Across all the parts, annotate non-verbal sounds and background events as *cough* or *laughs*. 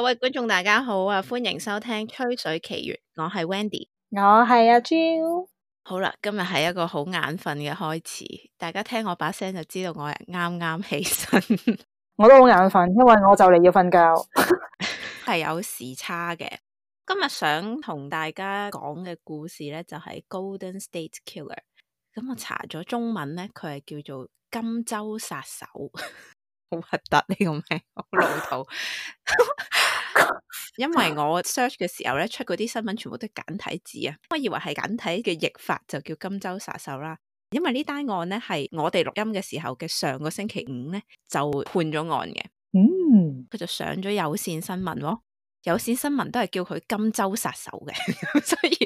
各位觀眾，大家好啊！歡迎收聽《吹水奇緣》，我係 Wendy，我係阿 Jo。好啦，今日係一個好眼瞓嘅開始，大家聽我把聲就知道我係啱啱起身。我都好眼瞓，因為我就嚟要瞓覺。係 *laughs* *laughs* 有時差嘅。今日想同大家講嘅故事呢，就係、是、Golden State Killer。咁我查咗中文呢，佢係叫做金州殺手。好核突呢個名，好老土。 *laughs* 因為我 search 嘅時候咧，出嗰啲新聞全部都係簡體字啊，我以為係簡體嘅譯法就叫金州殺手啦。因為呢單案咧係我哋錄音嘅時候嘅上個星期五咧就判咗案嘅，嗯，佢就上咗有綫新聞咯，有綫新聞都係叫佢金州殺手嘅， *laughs* 所以誒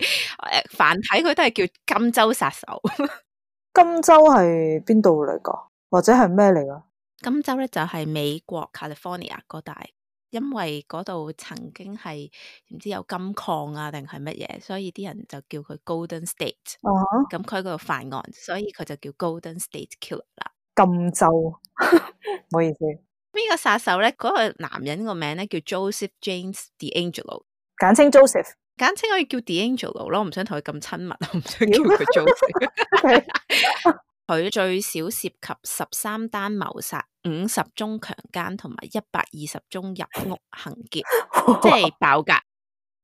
繁體佢都係叫金州殺手。 *laughs* 金州係邊度嚟噶？或者係咩嚟噶？金州咧就係、是、美國 California 嗰帶。因為嗰度曾經係唔知有金礦啊，定係乜嘢，所以啲人就叫佢 Golden State。咁佢喺嗰度犯案，所以佢就叫 Golden State Killer 啦。金州，唔好意思。邊、嗰個殺手咧？嗰、嗰個男人個名咧叫 Joseph James DeAngelo，簡稱 Joseph，簡稱可以叫 DeAngelo 咯。我唔想同佢咁親密，我唔想叫佢 Joseph。 *laughs* *laughs* okay. 佢最少涉及十三單謀殺、五十宗強姦同埋一百二十宗入屋行劫， *laughs* 即係爆格，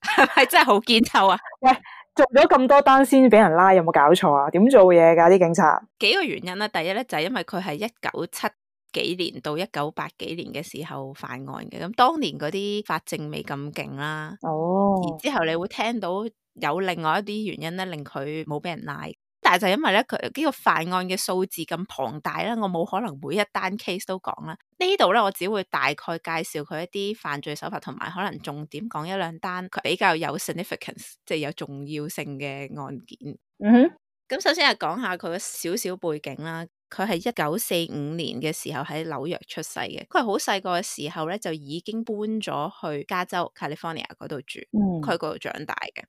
係 *laughs* 咪 *laughs* 真係好堅臭啊？喂、yeah,，做咗咁多單先俾人拉，有冇搞錯啊？點做嘢噶啲警察？幾個原因咧、啊？第一咧就係、是、因為佢係一九七幾年到一九八幾年嘅時候犯案嘅，咁當年嗰啲法證未咁勁啦。哦、oh.，而之後你會聽到有另外一啲原因咧，令佢冇俾人拉。但係就因為咧佢呢個犯案嘅數字咁龐大咧，我冇可能每一單 case 都講啦。呢度咧，我只會大概介紹佢一啲犯罪手法，同埋可能重點講一兩單佢比較有 significance，即係有重要性嘅，就是，案件。嗯、mm-hmm. 咁首先係講下佢嘅少少背景啦。佢係一九四五年嘅時候喺紐約出世嘅。佢係好細個嘅時候咧就已經搬咗去加州 California 嗰度住，佢嗰度長大嘅。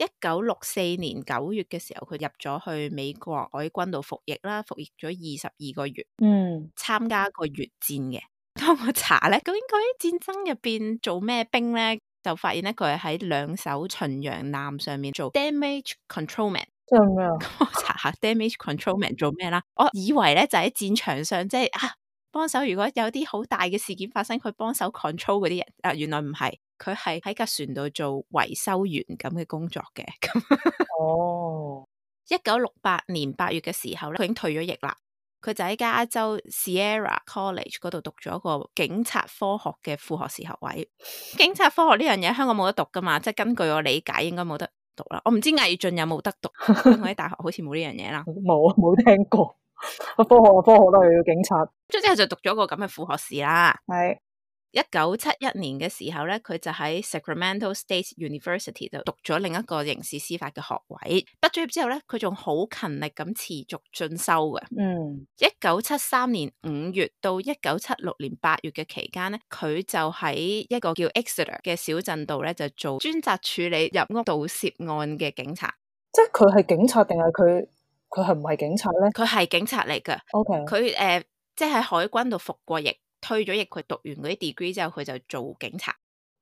一九六四年九月嘅時候，佢入咗去了美國海軍度服役啦，服役咗二十二個月，參加一個越戰嘅。當、嗯、我查咧，究竟佢喺戰爭入邊做咩兵咧，就發現咧佢係喺兩艘巡洋艦上面做 damage control man。即係咩啊？咁我查下 damage control man 做咩啦？我以為咧就喺戰場上即係、就是、啊。幫手，如果有啲好大嘅事件發生，佢幫手 control 嗰啲人。啊，原來唔係，佢係喺架船度做維修員咁嘅工作嘅。哦，一九六八年八月嘅時候咧，佢已經退咗役啦。佢就喺加州 Sierra College 嗰度讀咗一個警察科學嘅副學士學位。警察科學呢樣嘢香港冇得讀噶嘛？即係根據我理解，應該冇得讀啦。我唔知魏俊有冇得讀。我喺大學好似冇呢樣嘢啦，冇 *laughs* 冇聽過。科學啊，科學都係要警察。之後就讀咗個咁嘅副學士啦。係一九七一年嘅時候咧，佢就喺 Sacramento State University 度讀咗另一個刑事司法嘅學位。畢咗業之後咧，佢仲好勤力咁持續進修嘅。嗯，一九七三年五月到一九七六年八月嘅期間咧，佢就喺一個叫 Exeter 嘅小鎮度咧，就做專責處理入屋盜竊案嘅警察。即係佢係警察定係佢？佢係唔係警察咧？佢係警察嚟噶。O、okay. K。佢、呃、誒，即係喺海軍度服過役，退咗役，佢讀完嗰啲 degree 之後，佢就做警察。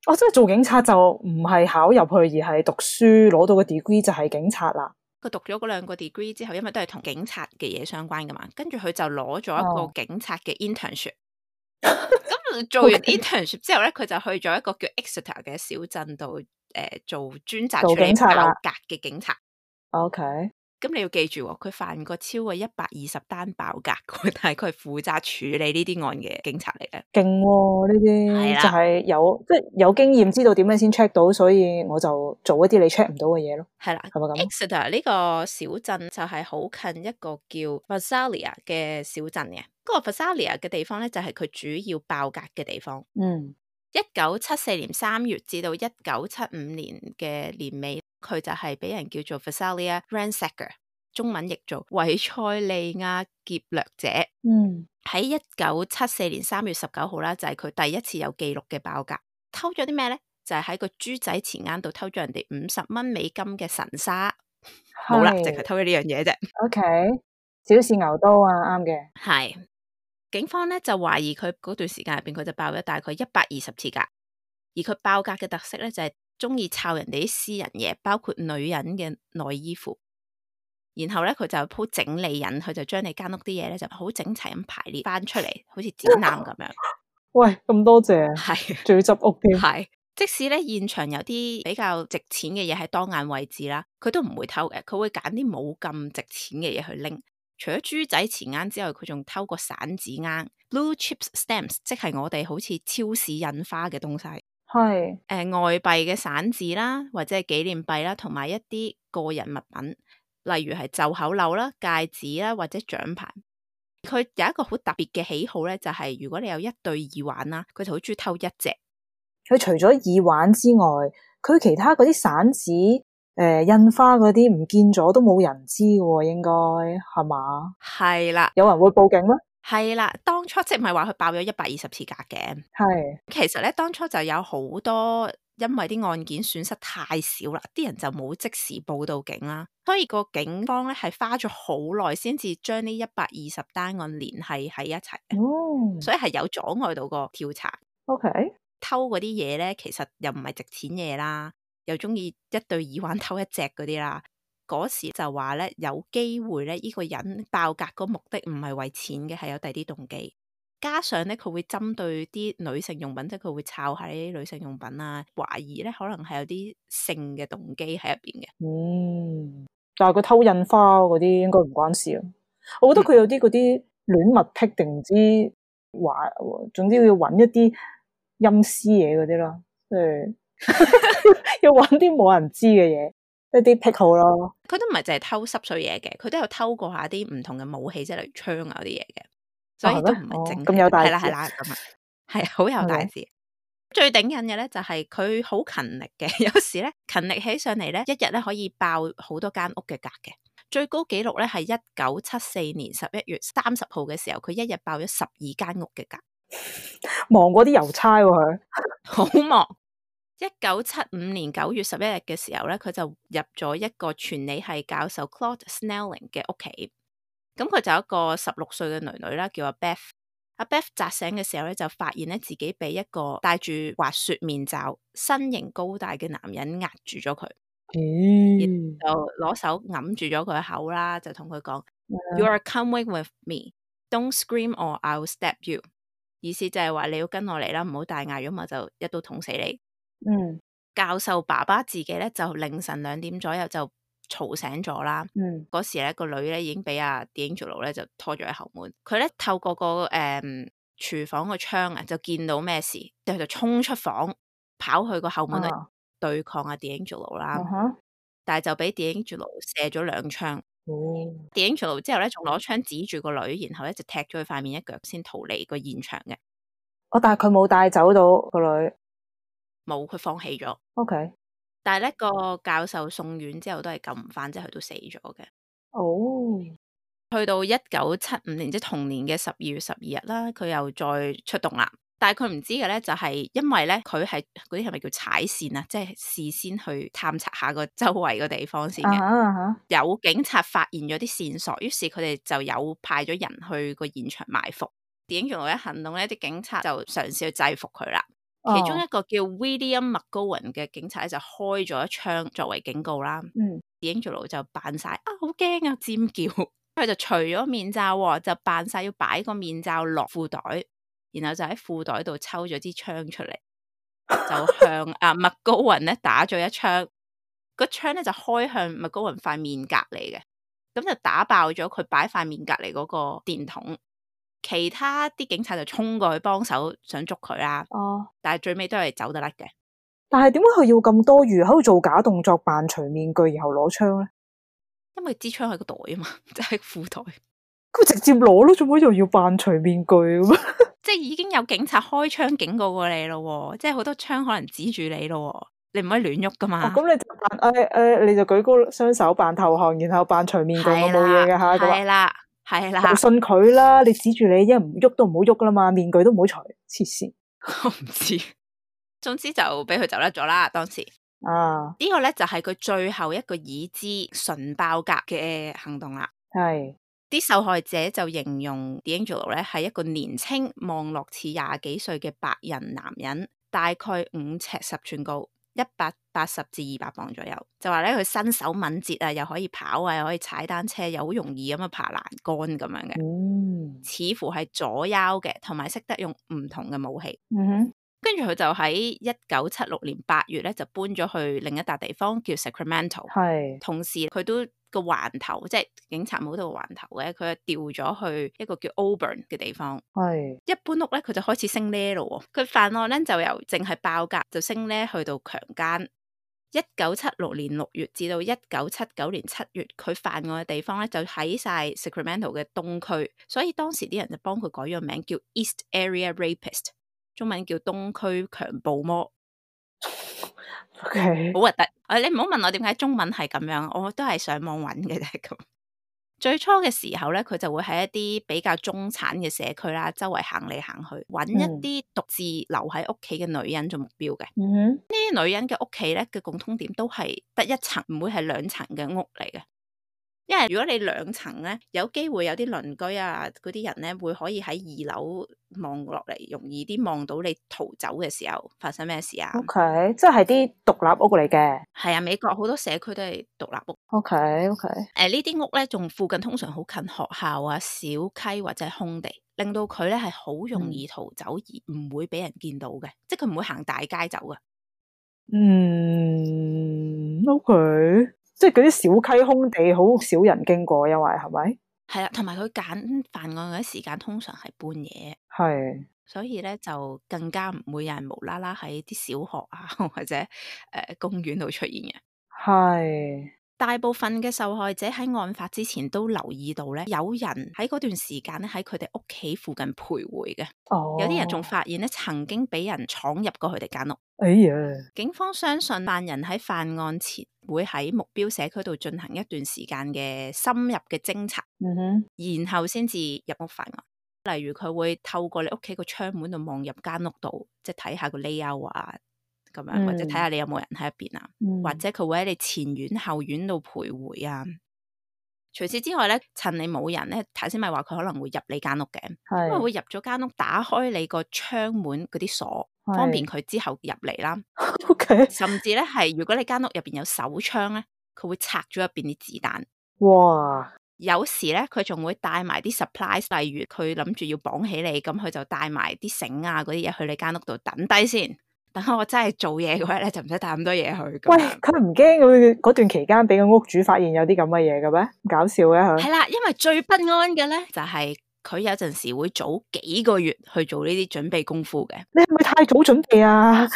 哦，即係做警察就唔係考入去，而係讀書攞到個 degree 就係警察啦。佢讀咗嗰兩個 degree 之後，因為都係同警察嘅嘢相關噶嘛，跟住佢就攞咗一個警察嘅 internship。咁、oh. *laughs* *laughs* 做完 internship 之後咧，佢就去咗一個叫 Exeter 嘅小鎮度誒做專責做警察啦，格嘅警察。O K。咁你要記住，佢犯過超過一百二十單爆格，但係佢負責處理呢啲案嘅警察嚟嘅，勁呢啲係就係有即係、就係、有經驗，知道點樣先 check 到，所以我就做一啲你 check 唔到嘅嘢咯。係啦，係咪咁？Exeter 呢個小鎮就係好近一個叫 Visalia 嘅小鎮嘅，嗰、嗰個 Visalia 嘅地方咧就係佢主要爆格嘅地方。嗯。一九七四年三月至到一九七五年嘅年尾，佢就係俾人叫做 Visalia Ransacker，中文譯做韋塞利亞劫掠者。嗯，喺一九七四年三月十九號啦，就係、是、佢第一次有記錄嘅爆格，偷咗啲咩咧？就係、是、喺個豬仔錢罌度偷咗人哋五十蚊美金嘅神沙，好啦，淨係偷咗呢樣嘢啫。O、okay. K，小試牛刀啊，啱嘅，係。警方咧就懷疑佢嗰段時間入邊，佢就爆咗大概一百二十次格，而佢爆格嘅特色咧就係中意抄人哋啲私人嘢，包括女人嘅內衣褲。然後咧佢就鋪整理人，佢就將你間屋啲嘢咧就好整齊咁排列翻出嚟，好似展覽咁樣。喂，咁多謝，係，仲要執屋嘅？係，即使咧現場有啲比較值錢嘅嘢喺當眼位置啦，佢都唔會偷嘅，佢會揀啲冇咁值錢嘅嘢去拎。除咗豬仔錢罌之外，佢仲偷個散紙罌，blue chips stamps，即係我哋好似超市印花嘅東西，係誒、呃、外幣嘅散紙啦，或者係紀念幣啦，同埋一啲個人物品，例如係袖口鈕啦、戒指啦，或者獎牌。佢有一個好特別嘅喜好咧，就係、是、如果你有一對耳環啦，佢就好中意偷一隻。佢除咗耳環之外，佢其他嗰啲散紙。欸，印花嗰啲唔見咗都冇人知喎，應該係嘛？係啦，有人會報警咩？係啦，當初即係咪話佢爆咗一百二十次格嘅？係，其實咧當初就有好多因為啲案件損失太少啦，啲人就冇即時報到警啦，所以個警方咧係花咗好耐先至將呢一百二十單案聯繫喺一齊。哦，所以係有阻礙到個調查。OK，偷嗰啲嘢咧，其實又唔係值錢嘢啦。又中意一對耳環偷一隻嗰啲啦，嗰時就話咧有機會咧，呢個人爆格個目的唔係為錢嘅，係有第二啲動機。加上咧佢會針對啲女性用品，即係佢會抄下啲女性用品啊，懷疑咧可能係有啲性嘅動機喺入邊嘅。嗯，但係佢偷印花嗰啲應該唔關事啊。我覺得佢有啲嗰啲戀物癖定唔知玩，總之要揾一啲陰私嘢嗰啲咯，誒。 *laughs* 要揾啲冇人知嘅嘢，一啲癖好咯。佢都唔係淨係偷濕水嘢嘅，佢都有偷過下啲唔同嘅武器，即係例如槍啊啲嘢嘅，所以都唔係大。係啦係啦係啦，係好有大事。的的的的的的的 okay. 最頂癮嘅咧就係佢好勤力嘅，有時咧勤力起上嚟咧，一日咧可以爆好多間屋嘅格嘅，最高紀錄咧係一九七四年十一月三十號嘅時候，佢一日爆咗十二間屋嘅格，忙過啲郵差喎，啊，好 *laughs* 忙。一九七五年九月十一日嘅時候咧，佢就入咗一個傳理系教授 Claude Snelling 嘅屋企。咁佢就有一個十六歲嘅女女啦，叫阿 Beth。阿 Beth 扎醒嘅時候咧，就發現咧自己俾一個戴住滑雪面罩、身形高大嘅男人壓住咗佢。嗯、mm.，然後就攞手揞住咗佢口啦，就同佢講：You are coming with me，don't scream or I'll stab you。意思就係話你要跟我嚟啦，唔好大嗌咗嘛，我就一刀捅死你。嗯，教授爸爸自己咧就凌晨兩點左右就嘈醒咗啦。嗯，嗰時咧、那個女咧已經俾阿 DeAngelo 咧就拖咗喺後門。佢咧透過、那個誒廚、嗯、房個窗啊，就見到咩事，就就衝出房跑去個後門度對抗阿 DeAngelo 啦。但係就俾 DeAngelo 射咗兩槍。哦，DeAngelo 之後咧仲攞槍指住個女，然後咧就，就踢咗佢塊面一腳，先逃離個現場嘅。哦，但係佢冇帶走到個女。冇，佢放棄咗。O、okay. K，但係咧個教授送院之後都係救唔翻，即係佢都死咗嘅。哦，去到一九七五年即係同年嘅十二月十二日啦，佢又再出動啦。但係佢唔知嘅咧就係、是、因為咧佢係嗰啲係咪叫踩線啊？即、就、係、是、事先去探察下個周圍個地方先嘅。有警察發現咗啲線索，於是佢哋就有派咗人去個現場埋伏。電影完後一行動咧，啲警察就嘗試去制服佢啦。其中一個叫 William McGowan 嘅警察咧，就開咗一槍作為警告啦。嗯，DeAngelo 就扮晒啊，好驚啊，尖叫！佢就除咗面罩，就扮晒要擺個面罩落褲袋，然後就喺褲袋度抽咗支槍出嚟，就向啊麥高雲咧打咗一槍。個槍咧就開向麥高雲塊面隔籬嘅，咁就打爆咗佢擺塊面隔籬嗰個電筒。其他啲警察就衝過去幫手想捉佢啦、啊，但係最尾都係走得甩嘅。但係點解佢要咁多餘喺度做假動作扮除面具，然後攞槍咧？因為支槍喺個袋啊嘛，即係褲袋。佢直接攞咯，做咩又要扮除面具咁 *laughs* 即係已經有警察開槍警告過你咯，即係好多槍可能指住你咯，你唔可以亂喐噶嘛。咁、啊、你就扮誒誒，你就舉高雙手扮投降，然後扮除面具，我冇嘢嘅吓，咁啊。係啦，信佢啦！你指住你因為唔喐都唔好喐啦嘛，面具都唔好除，黐線！我唔知，總之就俾佢走甩咗啦。當時，啊、這個、呢個咧就係、是、佢最後一個已知純爆格嘅行動啦。係啲受害者就形容 DeAngelo 咧係一個年青望落似廿幾歲嘅白人男人，大概五尺十寸高。一百八十至二百磅左右，就話咧佢身手敏捷啊，又可以跑啊，又可以踩單車，又好容易咁啊爬欄杆咁樣嘅，嗯，似乎係左右嘅，同埋識得用唔同嘅武器。嗯哼，跟住佢就喺一九七六年八月咧，就搬咗去另一笪地方叫 Sacramento，係，同時佢都。個環頭即係警察冇到環頭嘅。佢調咗去一個叫 Auburn 嘅地方。係，一搬屋咧，佢就開始升呢咯。佢犯案咧，就由淨係爆格，就升呢去到強奸。一九七六年六月至到一九七九年七月，佢犯案嘅地方咧就喺晒 Sacramento 嘅東區，所以當時啲人就幫佢改咗個名叫 East Area Rapist，中文叫東區強暴魔。好核突！誒，你唔好問我點解中文係咁樣，我都係上網揾嘅啫。咁 *laughs* 最初嘅時候咧，佢就會喺一啲比較中產嘅社區啦，周圍行嚟行去，揾一啲獨自留喺屋企嘅女人做目標嘅。嗯哼，呢啲女人嘅屋企咧嘅共通點都係得一層，唔會係兩層嘅屋嚟嘅。因為如果你兩層咧，有機會有啲鄰居啊，嗰啲人咧會可以喺二樓望落嚟，容易啲望到你逃走嘅時候發生咩事啊？OK，即係啲獨立屋嚟嘅。係啊，美國好多社區都係獨立屋。O K，O K。誒、呃，呢啲屋咧，仲附近通常好近學校啊、小溪或者空地，令到佢咧係好容易逃走而唔會俾人見到嘅、嗯，即係佢唔會行大街走嘅。嗯，O K。Okay 即係嗰啲小溪空地，好少人經過，因為係咪？係啦、啊，同埋佢揀犯案嗰啲時間通常係半夜，係，所以咧就更加唔會有人無啦啦喺啲小學啊或者誒、呃、公園度出現嘅，係。大部分嘅受害者喺案發之前都留意到咧，有人喺嗰段時間咧喺佢哋屋企附近徘徊嘅。哦，有啲人仲發現咧，曾經俾人闖入過佢哋間屋。哎呀！警方相信犯人喺犯案前會喺目標社區度進行一段時間嘅深入嘅偵查。哼，然後先至入屋犯案。例如佢會透過你屋企個窗門度望入間屋度，即係睇下個 layout。咁樣或者睇下你有冇人喺入邊啊，或者佢、嗯、會喺你前院後院度徘徊啊。除、嗯、此之外咧，趁你冇人咧，頭先咪話佢可能會入你間屋嘅，因為會入咗間屋，打開你個窗門嗰啲鎖，方便佢之後入嚟啦。 *laughs* 甚至咧係，如果你間屋入邊有手槍咧，佢會拆咗入邊啲子彈。哇！有時咧，佢仲會帶埋啲 supplies，例如佢諗住要綁起你，咁佢就帶埋啲繩啊嗰啲嘢去你間屋度等低先。 *laughs* 我真係做嘢嗰日咧，就唔使帶咁多嘢去。喂，佢唔驚嗰段期間俾個屋主發現有啲咁嘅嘢嘅咩？搞笑嘅係咪？係啦， *laughs* 因為最不安嘅咧，就係、是、佢有陣時會早幾個月去做呢啲準備功夫嘅。你係咪太早準備啊？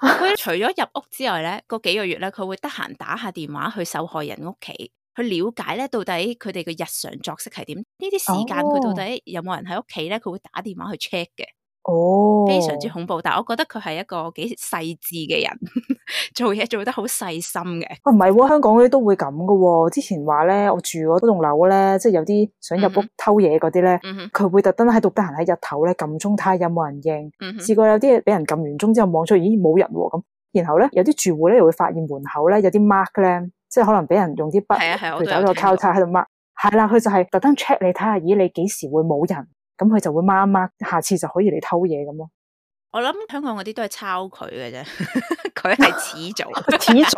佢 *laughs* 除咗入屋之外咧，嗰幾個月咧，佢會得閒打下電話去受害人屋企去了解咧，到底佢哋嘅日常作息係點？呢啲時間佢到底有冇人喺屋企咧？佢會打電話去 check 嘅。哦、oh,，非常之恐怖，但係我覺得佢係一個幾細緻嘅人， *laughs* 做嘢做得好細心嘅。喂、啊，唔係喎，香港啲都會咁噶喎。之前話咧，我住嗰棟樓咧，即係有啲想入屋偷嘢嗰啲咧，佢、mm-hmm. 會特登喺度得閒喺日頭咧撳鐘睇下有冇人應。試、mm-hmm. 過有啲俾人撳完鐘之後望出，咦冇人喎、啊、咁。然後咧，有啲住戶咧又會發現門口咧有啲 mark 咧，即係可能俾人用啲筆，係啊係，我哋喺度靠太喺度 mark。係啦，佢就係特登 check 你睇下，咦你幾時會冇人？咁佢就會 mark mark 下次就可以嚟偷嘢咁咯。我諗香港嗰啲都係抄佢嘅啫，佢 *laughs* 係始祖， *laughs* 始祖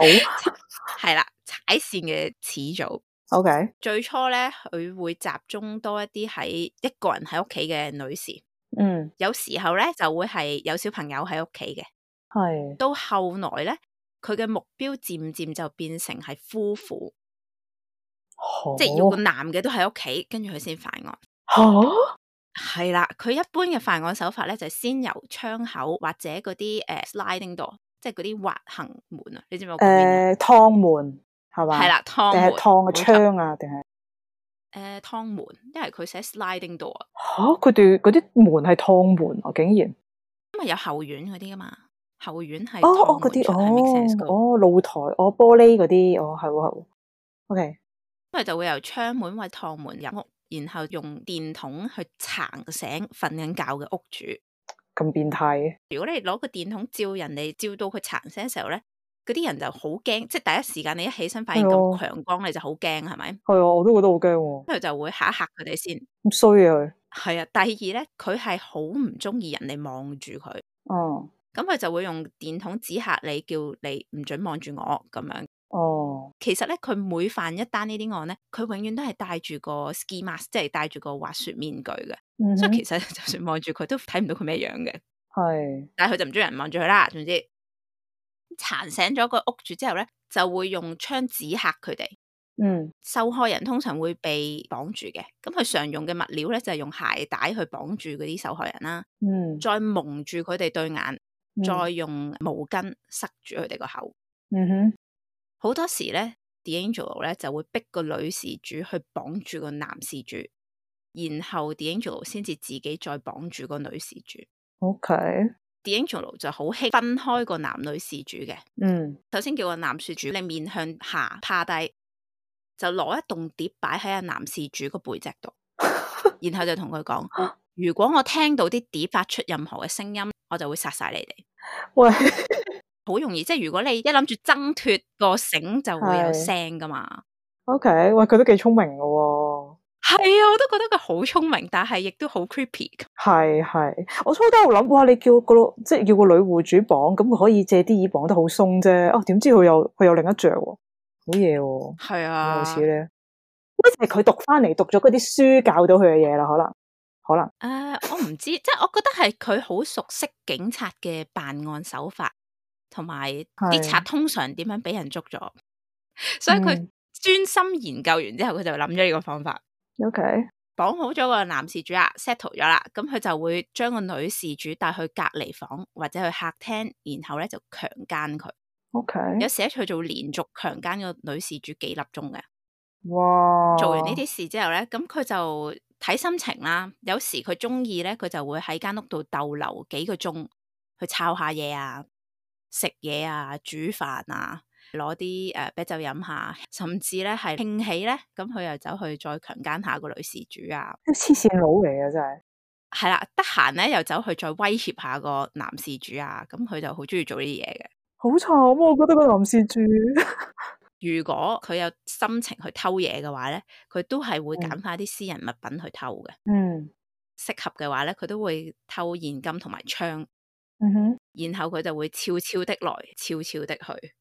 係啦 *laughs* 踩線嘅始祖。OK，最初咧佢會集中多一啲喺一個人喺屋企嘅女士。嗯、mm.，有時候咧就會係有小朋友喺屋企嘅。係到後來咧，佢嘅目標漸漸就變成係夫婦，即係有個男嘅都喺屋企，跟住佢先犯案。吓？ *coughs* 係啦，佢一般嘅犯案手法咧，就係、是、先由窗口或者嗰啲誒 sliding door，即係嗰啲滑行門啊，你知唔知我講咩？誒、呃，趟門係嘛？係啦，趟門定係趟嘅窗啊？定係誒、趟、呃、門，因為佢寫 sliding door。哦，吓，佢哋嗰啲門係趟門啊？竟然，因為有後院嗰啲啊嘛，後院係哦啲哦，哦，就是、哦，哦露台哦玻璃嗰啲哦，係喎係喎，ok，因咪就會由窗門或者趟門入屋。然後用電筒去撐醒瞓緊覺嘅屋主，咁變態？如果你攞個電筒照人哋，照到佢撐醒嘅時候咧，嗰啲人就好驚，即係第一時間你一起身，發現咁強光、哦、你就好驚，係咪？係啊、哦，我都覺得好驚。跟住就會嚇一嚇佢哋先，衰佢係啊。第二咧，佢係好唔中意人哋望住佢。哦，咁佢就會用電筒指吓你，叫你唔准望住我咁樣。哦、oh.，其實咧，佢每犯一單呢啲案咧，佢永遠都係戴住個 ski mask，即係戴住個滑雪面具嘅，mm-hmm. 所以其實就算望住佢都睇唔到佢咩樣嘅。係、mm-hmm.，但係佢就唔中意人望住佢啦。總之，殘醒咗個屋主之後咧，就會用槍指吓佢哋。嗯、mm-hmm.，受害人通常會被綁住嘅，咁佢常用嘅物料咧就係、是、用鞋帶去綁住嗰啲受害人啦。嗯、mm-hmm.，再蒙住佢哋對眼，mm-hmm. 再用毛巾塞住佢哋個口。嗯哼。好多時咧，DeAngelo 咧就會逼個女事主去綁住個男事主，然後 DeAngelo 先至自己再綁住個女事主。O K，DeAngelo 就好興分開個男女事主嘅。嗯、mm.，首先叫個男事主，你面向下趴低，就攞一棟碟擺喺阿男事主個背脊度， *laughs* 然後就同佢講：如果我聽到啲碟發出任何嘅聲音，我就會殺晒你哋。喂。 *laughs* *laughs* 好容易，即係如果你一諗住掙脱個繩就會有聲噶嘛。OK，喂，佢都幾聰明㗎喎。係啊，我都覺得佢好聰明，但係亦都好 creepy。係係，我初都喺度諗，哇！你叫個即係叫個女戶主綁，咁佢可以借啲耳綁得好鬆啫。哦，點知佢有佢有另一着喎，好嘢喎。係啊，好似咧，喂就係佢讀翻嚟讀咗嗰啲書教到佢嘅嘢啦，可能可能。誒，我唔知， *laughs* 即係我覺得係佢好熟悉警察嘅辦案手法。同埋啲賊通常點樣俾人捉咗， *laughs* 所以佢專心研究完之後，佢、嗯、就諗咗呢個方法。O、okay. K，綁好咗個男事主啦，settle 咗啦，咁佢就會將個女事主帶去隔籬房或者去客廳，然後咧就強姦佢。O、okay. K，有時佢做連續強姦個女事主幾粒鐘嘅。哇、wow.！做完呢啲事之後咧，咁佢就睇心情啦。有時佢中意咧，佢就會喺間屋度逗留幾個鐘，去抄下嘢啊。食嘢啊，煮飯啊，攞啲誒啤酒飲下，甚至咧係興起咧，咁佢又走去再強姦下個女事主啊！黐線佬嚟嘅真係，係啦，得閒咧又走去再威脅下個男事主啊！咁佢就好中意做呢啲嘢嘅。好慘啊，我覺得個男事主， *laughs* 如果佢有心情去偷嘢嘅話咧，佢都係會揀翻啲私人物品去偷嘅。嗯，適合嘅話咧，佢都會偷現金同埋槍。嗯哼，然後佢就會悄悄的來，悄悄的去，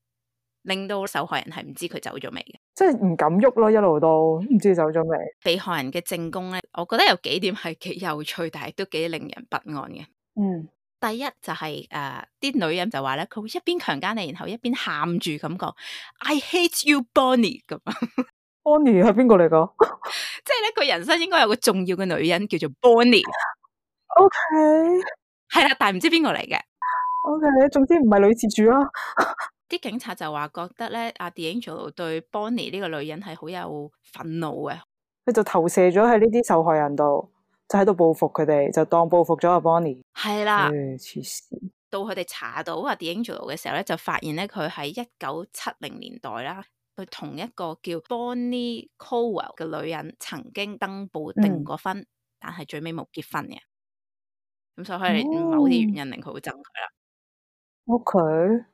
令到受害人係唔知佢走咗未嘅，即係唔敢喐咯，一路都唔知走咗未。被害人嘅證供咧，我覺得有幾點係幾有趣，但係都幾令人不安嘅。嗯、mm-hmm.，第一就係、是、誒、啲、呃、女人就話咧，佢會一邊強姦你，然後一邊喊住咁講，I hate you, Bonnie 咁。Bonnie 係邊個嚟噶？即係咧，佢人生應該有個重要嘅女人叫做 Bonnie。OK。係啦、啊，但係唔知邊個嚟嘅。O K，你總之唔係女廁主啦、啊。啲 *laughs* 警察就話覺得咧，阿 DeAngelo 對 Bonnie 呢個女人係好有憤怒嘅，佢就投射咗喺呢啲受害人度，就喺度報復佢哋，就當報復咗阿 Bonnie。係啦、啊嗯，到佢哋查到阿 DeAngelo 嘅時候咧，就發現咧佢喺一九七零年代啦，佢同一個叫 Bonnie Cole 嘅女人曾經登報定過婚，嗯、但係最尾冇結婚嘅。咁所以可以某啲原因令佢會憎佢啦。O.K.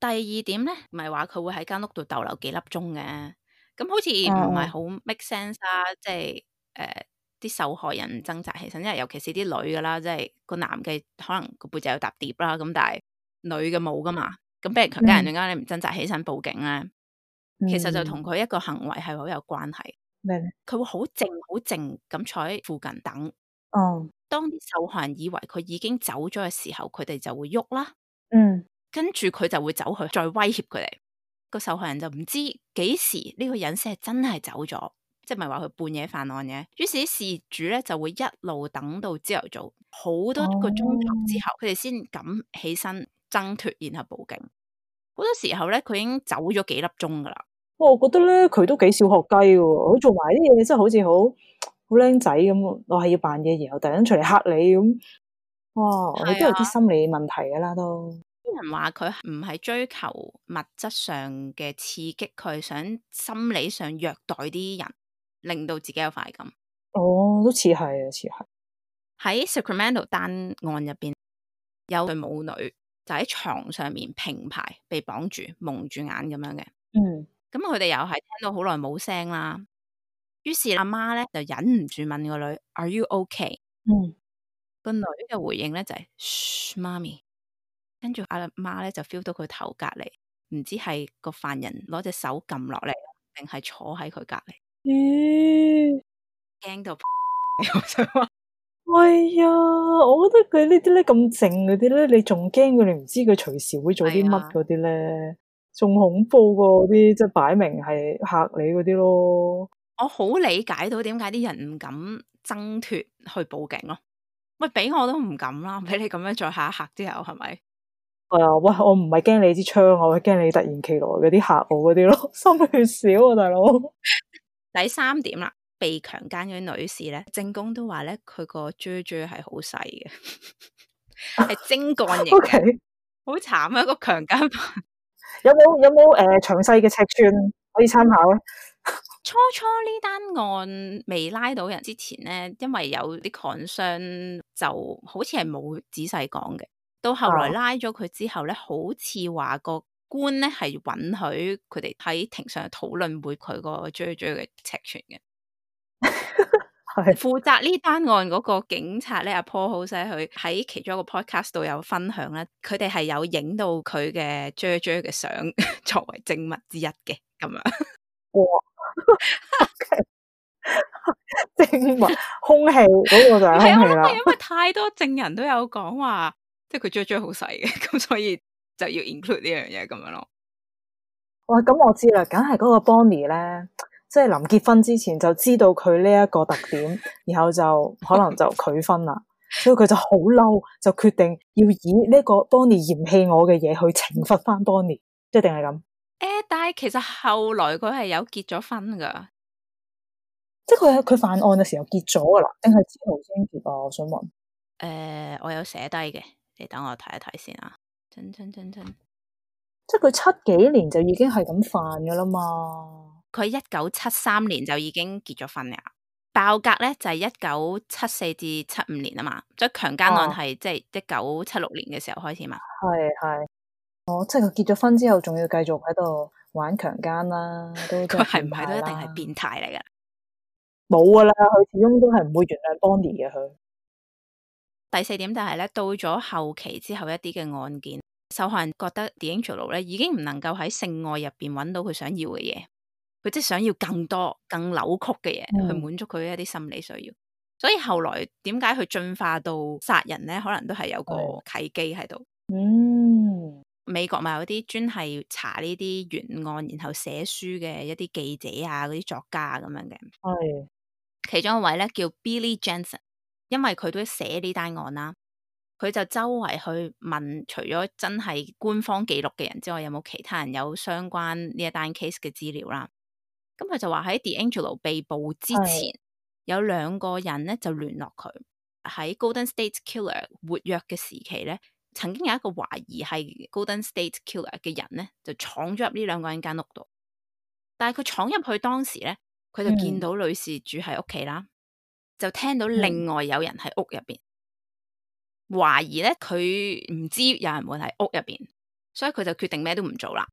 第二點咧，唔係話佢會喺間屋度逗留幾粒鐘嘅，咁好似唔係好 make sense 啦。嗯、即係誒，啲、呃、受害人唔掙扎起身，因為尤其是啲女噶啦，即係個男嘅可能個背脊有搭碟啦，咁但係女嘅冇噶嘛，咁俾人強奸人陣間你唔掙扎起身報警咧、嗯，其實就同佢一個行為係好有關係。明、嗯，佢會好靜，好靜咁坐喺附近等。哦、嗯。當啲受害人以為佢已經走咗嘅時候，佢哋就會喐啦。嗯，跟住佢就會走去再威脅佢哋。個受害人就唔知幾時呢個人先係真係走咗，即係唔係話佢半夜犯案嘅。於是事主咧就會一路等到朝頭早，好多個鐘頭之後，佢哋先敢起身掙脫，然後報警。好多時候咧，佢已經走咗幾粒鐘噶啦、哦。不過我覺得咧，佢都幾小學雞嘅，佢做埋呢樣嘢真係好似好。好靚仔咁，我係要扮嘢，然後突然出嚟吓你咁。哇，你都有啲心理問題噶啦、啊，都。啲人話佢唔係追求物質上嘅刺激，佢係想心理上虐待啲人，令到自己有快感。哦，都似係啊，似係。喺 Sacramento 單案入邊，有對母女就喺床上面平排被綁住、蒙住眼咁樣嘅。嗯。咁佢哋又係聽到好耐冇聲啦。於是阿媽咧就忍唔住問個女：Are you okay？嗯，個女嘅回應咧就係、是：，噓媽咪。跟住阿媽咧就 feel 到佢頭隔籬，唔知係個犯人攞隻手撳落嚟，定係坐喺佢隔籬？咦、欸，驚到。我想話，哎呀，我覺得佢呢啲咧咁靜嗰啲咧，你仲驚佢？你唔知佢隨時會做啲乜嗰啲咧，仲、哎、恐怖過啲即係擺明係吓你嗰啲咯。我好理解到點解啲人唔敢掙脫去報警咯、啊，喂，俾我都唔敢啦，俾你咁樣再吓一吓之後，係咪、哎？我又喂，我唔係驚你支槍我我驚你突然其來嗰啲吓我嗰啲咯， *laughs* 心血少啊，大佬。第三點啦，被強奸嗰啲女士咧，正宮都話咧，佢個豬豬係好細嘅，係 *laughs* 精幹型 *laughs* ，OK，好慘啊個強奸犯。有冇有冇誒詳細嘅尺寸？可以參考咯、啊。初初呢單案未拉到人之前咧，因為有啲 concern，就好似係冇仔細講嘅。到後來拉咗佢之後咧、啊，好似話個官咧係允許佢哋喺庭上討論佢佢個 jojo 嘅尺寸嘅。 *laughs* 負責呢單案嗰個警察咧，阿 Paul Holes 佢喺其中一個 podcast 度有分享啦，佢哋係有影到佢嘅 jojo 嘅相作為證物之一嘅。咁 *laughs* 樣哇，okay *laughs* 正話空氣嗰個就係空氣啦、 *laughs* 啊啊啊，因為太多證人都有講話，即係佢着着好細嘅，咁所以就要 include 呢樣嘢咁樣咯。哇，咁、嗯、我知啦，梗係嗰個 Bonnie 咧，即係臨結婚之前就知道佢呢一個特點， *laughs* 然後就可能就拒婚啦， *laughs* 所以佢就好嬲，就決定要以呢個 Bonnie 嫌棄我嘅嘢去懲罰翻 Bonnie 一即係定係咁。就是但係其實後來佢係有結咗婚噶，即係佢佢犯案嘅時候結咗噶啦，定係之後先結啊？我想問，誒、呃，我有寫低嘅，你等我睇一睇先啊。真真真真，即係佢七幾年就已經係咁犯噶啦嘛？佢一九七三年就已經結咗婚啦，爆格咧就係一九七四至七五年啊嘛，即係強姦案係即係一九七六年嘅時候開始嘛？係、啊、係，哦，即係佢結咗婚之後仲要繼續喺度。玩強姦啦，佢係唔係都一定係變態嚟噶？冇噶啦，佢始終都係唔會原諒 Bonnie 嘅。佢第四點，就係，就係咧到咗後期之後一啲嘅案件，受害人覺得 DeAngelo 咧已經唔能夠喺性愛入邊揾到佢想要嘅嘢，佢即係想要更多更扭曲嘅嘢，嗯、去滿足佢一啲心理需要。所以後來點解佢進化到殺人咧，可能都係有個契機喺度。嗯。美國咪有啲專係查呢啲原案，然後寫書嘅一啲記者啊，嗰啲作家咁樣嘅。係。其中一位咧叫 Billy Jensen，因為佢都寫呢單案啦，佢就周圍去問，除咗真係官方記錄嘅人之外，有冇其他人有相關呢一單 case 嘅資料啦？咁佢就話喺 DeAngelo 被捕之前，有兩個人咧就聯絡佢喺 Golden State Killer 活躍嘅時期咧。曾經有一個懷疑係 Golden State Killer 嘅人咧，就闖咗入呢兩個人間屋度。但係佢闖入去當時咧，佢就見到女事主喺屋企啦，就聽到另外有人喺屋入邊，懷疑咧佢唔知有人會喺屋入邊，所以佢就決定咩都唔做啦。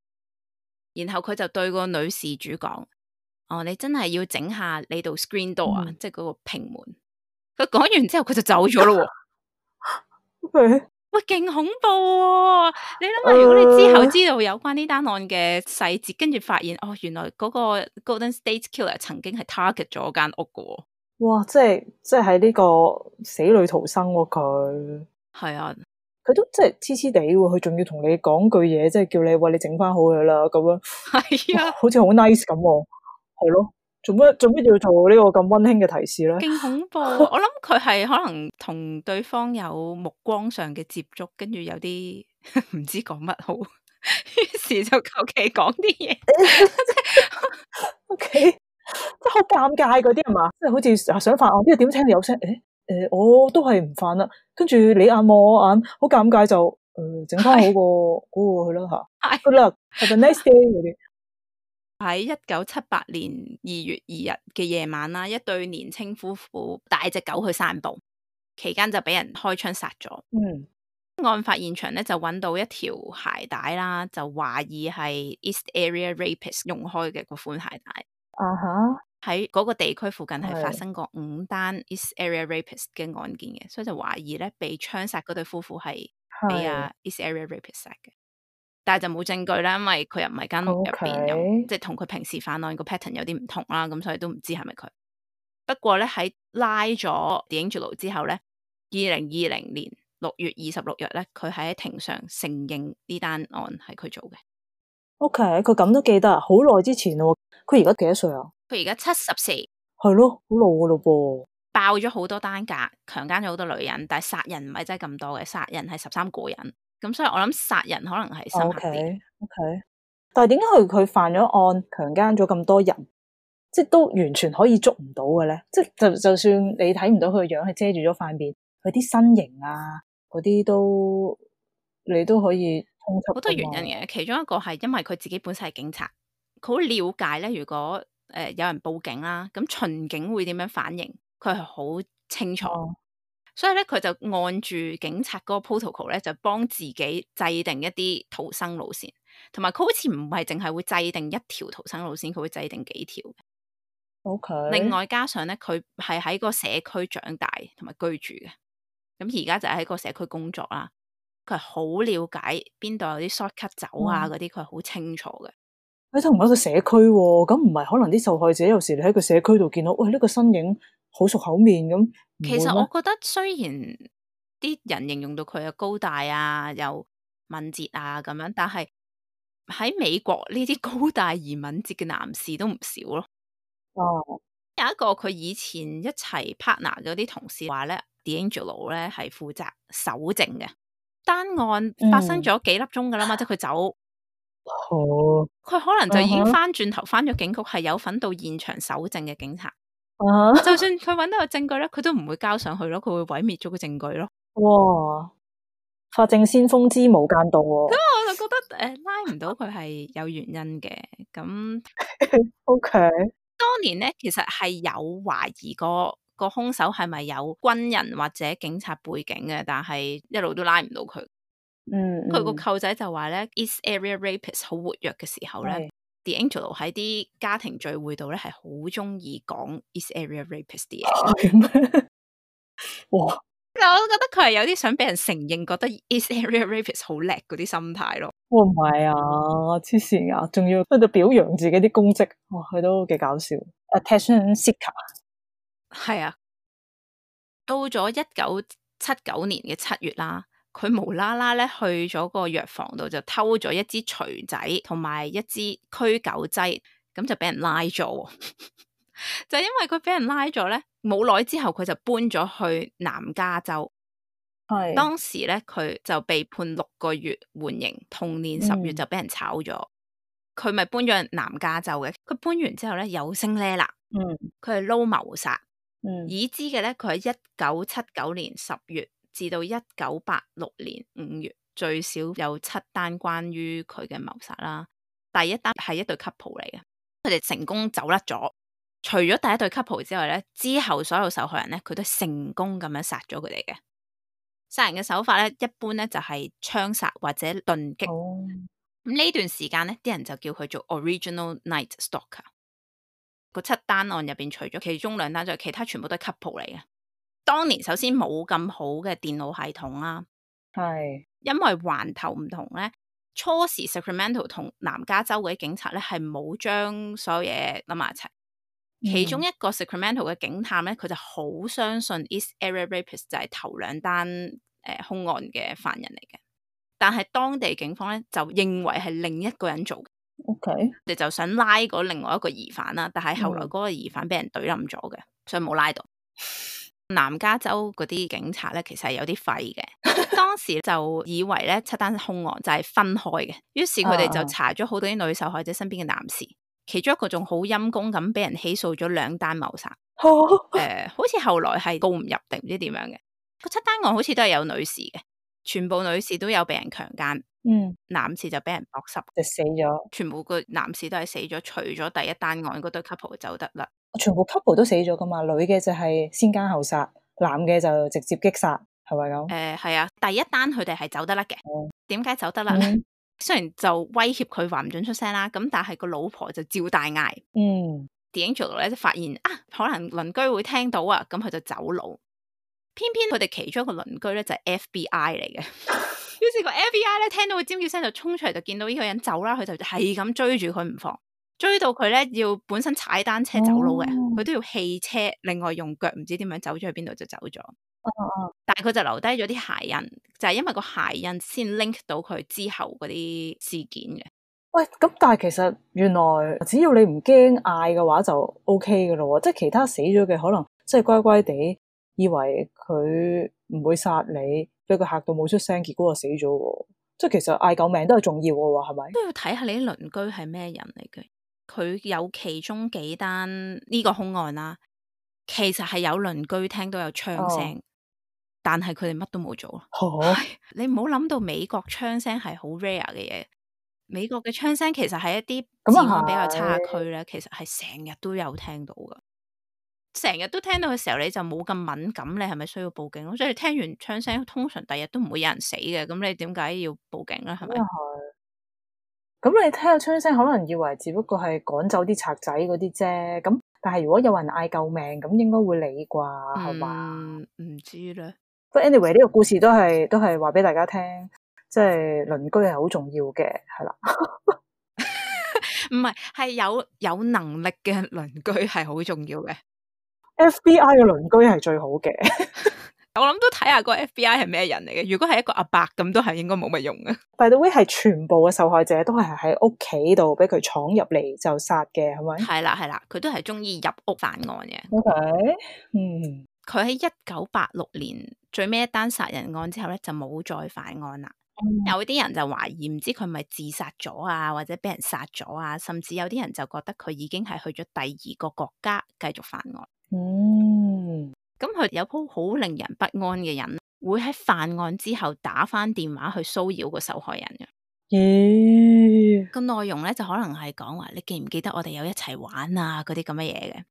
然後佢就對個女事主講：哦，你真係要整下你度 screen door 啊、嗯，即係嗰個屏門。佢講完之後，佢就走咗咯。 *laughs* okay. 喂，勁恐怖喎、啊！你諗下，如果你之後知道有關呢單案嘅細節，跟、呃、住發現哦，原來嗰個 Golden State Killer 曾經係 target 咗間屋噶。哇！即係即係喺呢個死裏逃生佢，係啊，佢、啊、都即係痴痴地，佢仲要同你講句嘢，即係叫你，喂，你整返好佢啦，咁樣係啊，好似好 nice 咁、啊，係咯、啊。做乜做咩要做呢個咁溫馨嘅提示咧？勁恐怖！我諗佢係可能同對方有目光上嘅接觸，跟住有啲唔知講乜好，於是就求其講啲嘢。O K，即係好尷尬嗰啲係嘛？即係好似想犯案，呢個點聽有聲？誒、啊、誒，我、啊啊、都係唔犯啦。跟住你眼望我眼，好尷尬就誒，整、呃、翻好個 *laughs* 好個去啦吓。係，好啦，Have a nice day，啲。 *laughs* 喺一九七八年二月二日嘅夜晚啦，一對年青夫婦帶隻狗去散步，期間就俾人開槍殺咗。嗯、mm.，案發現場咧就揾到一條鞋帶啦，就懷疑係 East Area Rapist 用開嘅個款鞋帶。啊哈！喺嗰個地區附近係發生過五單 East Area Rapist 嘅案件嘅，所以就懷疑咧被槍殺嗰對夫婦係被 East Area Rapist 殺嘅。但係就冇證據啦，因為佢又唔係間屋入邊，okay. 即係同佢平時犯案個 pattern 有啲唔同啦，咁所以都唔知係咪佢。不過咧喺拉咗 DeAngelo 之後咧，二零二零年六月二十六日咧，佢喺庭上承認呢單案係佢做嘅。OK，佢咁都記得，好耐之前咯。佢而家幾多歲啊？佢而家七十四。係咯，好老咯噃、啊。爆咗好多單架，強姦咗好多女人，但係殺人唔係真係咁多嘅，殺人係十三個人。咁所以，我諗殺人可能係深啲。O、okay, K，、okay. 但係點解佢佢犯咗案，強奸咗咁多人，即、就、係、是、都完全可以捉唔到嘅咧？即係就是、就,就算你睇唔到佢嘅樣子，佢遮住咗塊面，佢啲身形啊，嗰啲都你都可以通緝。好多原因嘅，其中一個係因為佢自己本身係警察，佢好了解咧。如果誒、呃、有人報警啦、啊，咁巡警會點樣反應？佢係好清楚。哦所以咧，佢就按住警察嗰個 protocol 咧，就幫自己制定一啲逃生路線。同埋佢好似唔係淨係會制定一條逃生路線，佢會制定幾條。O K，另外加上咧，佢係喺個社區長大同埋居住嘅，咁而家就喺個社區工作啦。佢係好了解邊度有啲 short cut 走啊，嗰啲，佢係好清楚嘅。佢都同一個社區，哦，咁唔係可能啲受害者有時你喺個社區度見到，喂，呢，呢個身影。好熟口面咁。其實我覺得雖然啲人形容到佢啊高大啊有敏捷啊咁樣，但係喺美國呢啲高大而敏捷嘅男士都唔少咯。哦、oh.，有一個佢以前一齊 partner 嗰啲同事話咧，DeAngelo 咧係負責搜證嘅，單案發生咗幾粒鐘噶啦嘛，mm. 即係佢走。好。佢可能就已經翻轉頭翻咗、oh. 警局，係有份到現場搜證嘅警察。就算佢揾到個證據咧，佢都唔會交上去咯，佢會毀滅咗個證據咯。哇！法證先鋒之冇間道喎、啊。咁我就覺得誒，拉、呃、唔到佢係有原因嘅。咁 *laughs* OK，當年咧其實係有懷疑、嗰個、嗰個凶手係咪有軍人或者警察背景嘅，但係一路都拉唔到佢、嗯嗯。嗯，佢個舅仔就話咧 East Area Rapists 好活躍嘅時候咧。The DeAngelo 喺啲家庭聚會度咧，係好鍾意講 East Area Rapist 啲嘢。係、啊、 *laughs* 哇！其實我都覺得佢係有啲想俾人承認，覺得 East Area Rapist 好叻嗰啲心態咯。哇，唔係啊，黐線啊！仲要喺度表揚自己啲功績，哇！佢都幾搞笑。Attention seeker 係啊，到咗一九七九年嘅七月啦。佢無啦啦咧去咗個藥房度，就偷咗一支鎚仔同埋一支驅狗劑，咁就俾人拉咗。 *laughs* 就因為佢俾人拉咗咧，冇耐之後佢就搬咗去南加州。係當時咧，佢就被判六個月緩刑，同年十月就俾人炒咗。佢、嗯、咪搬咗去南加州嘅？佢搬完之後咧，有聲咧啦。嗯，佢係撈謀殺。嗯，已知嘅咧，佢喺一九七九年十月。至到一九八六年五月，最少有七單關於佢嘅謀殺啦。第一單係一對 couple 嚟嘅，佢哋成功走甩咗。除咗第一對 couple 之外咧，之後所有受害人咧，佢都成功咁樣殺咗佢哋嘅。殺人嘅手法咧，一般咧就係槍殺或者鈍擊。咁、oh。呢段時間咧，啲人就叫佢做 original night stalker。個七單案入邊，除咗其中兩單就係其他全部都係 couple 嚟嘅。當年首先冇咁好嘅電腦系統啦、啊，係，因為環頭唔同咧，初時 Sacramento 同南加州嗰啲警察咧係冇將所有嘢諗埋一齊，其中一個 Sacramento 嘅警探咧，佢就好相信 East Area Rapist 就係頭兩單誒、呃、兇案嘅犯人嚟嘅，但係當地警方咧就認為係另一個人做嘅，OK，佢就想拉嗰另外一個疑犯啦，但係後來嗰個疑犯俾人懟冧咗嘅，所以冇拉到。南加州嗰啲警察咧，其實係有啲廢嘅。當時就以為咧七單凶案就係分開嘅，於是佢哋就查咗好多啲女受害者身邊嘅男士，其中一個仲好陰功咁俾人起訴咗兩單謀殺。誒、哦呃，好似後來係告唔入定唔知點樣嘅。七單案好似都係有女士嘅，全部女士都有俾人強姦。嗯，男士就俾人剝濕，就死咗。全部個男士都係死咗，除咗第一單案嗰對 couple 走得啦。全部 couple 都死咗噶嘛，女嘅就係先奸後殺，男嘅就直接擊殺，係咪咁？誒、呃，係啊，第一單佢哋係走得甩嘅，點、嗯、解走得甩咧、嗯？雖然就威脅佢話唔准出聲啦，咁但係個老婆就照大嗌。嗯，DeAngelo 咧就發現啊，可能鄰居會聽到啊，咁、嗯、佢就走佬。偏偏佢哋其中一個鄰居咧就係、FBI 嚟嘅，於 *laughs* 是個 FBI 咧聽到個尖叫聲就衝出嚟，就見到呢個人走啦，佢就係咁追住佢唔放。追到佢咧，要本身踩單車走佬嘅，佢、哦、都要汽車，另外用腳唔知點樣走咗去邊度就走咗。哦、啊、哦，但係佢就留低咗啲鞋印，就係、是、因為個鞋印先 link 到佢之後嗰啲事件嘅。喂，咁但係其實原來只要你唔驚嗌嘅話就 OK 噶咯，即係其他死咗嘅可能即係乖乖地以為佢唔會殺你，俾佢嚇到冇出聲，結果就死咗。即係其實嗌救命都係重要嘅喎，係咪都要睇下你啲鄰居係咩人嚟嘅？佢有其中幾單呢個凶案啦，其實係有鄰居聽到有槍聲，oh. 但係佢哋乜都冇做。Oh. 你唔好諗到美國槍聲係好 rare 嘅嘢，美國嘅槍聲其實係一啲治安比較差區咧，其實係成日都有聽到㗎。成日都聽到嘅時候，你就冇咁敏感，你係咪需要報警？所以聽完槍聲，通常第日都唔會有人死嘅。咁你點解要報警咧？係咪？咁你聽槍聲，可能以為只不過係趕走啲賊仔嗰啲啫。咁但係如果有人嗌救命，咁應該會理啩，係、嗯、嘛？唔知咧。不過、But、anyway 呢個故事都係都係話俾大家聽，即係鄰居係好重要嘅，係啦。唔係係有有能力嘅鄰居係好重要嘅。FBI 嘅鄰居係最好嘅。 *laughs* 我諗都睇下個 FBI 係咩人嚟嘅。如果係一個阿伯咁，都係應該冇乜用嘅。By the way，係全部嘅受害者都係喺屋企度俾佢闖入嚟就殺嘅，係咪？係啦，係啦，佢都係中意入屋犯案嘅。OK，嗯、mm.，佢喺一九八六年最尾一單殺人案之後咧，就冇再犯案啦。Mm. 有啲人就懷疑唔知佢係咪自殺咗啊，或者俾人殺咗啊，甚至有啲人就覺得佢已經係去咗第二個國家繼續犯案。嗯、mm.。咁佢有鋪好令人不安嘅人，會喺犯案之後打翻電話去騷擾個受害人嘅。咦、嗯？個內容咧就可能係講話你記唔記得我哋有一齊玩啊嗰啲咁嘅嘢嘅。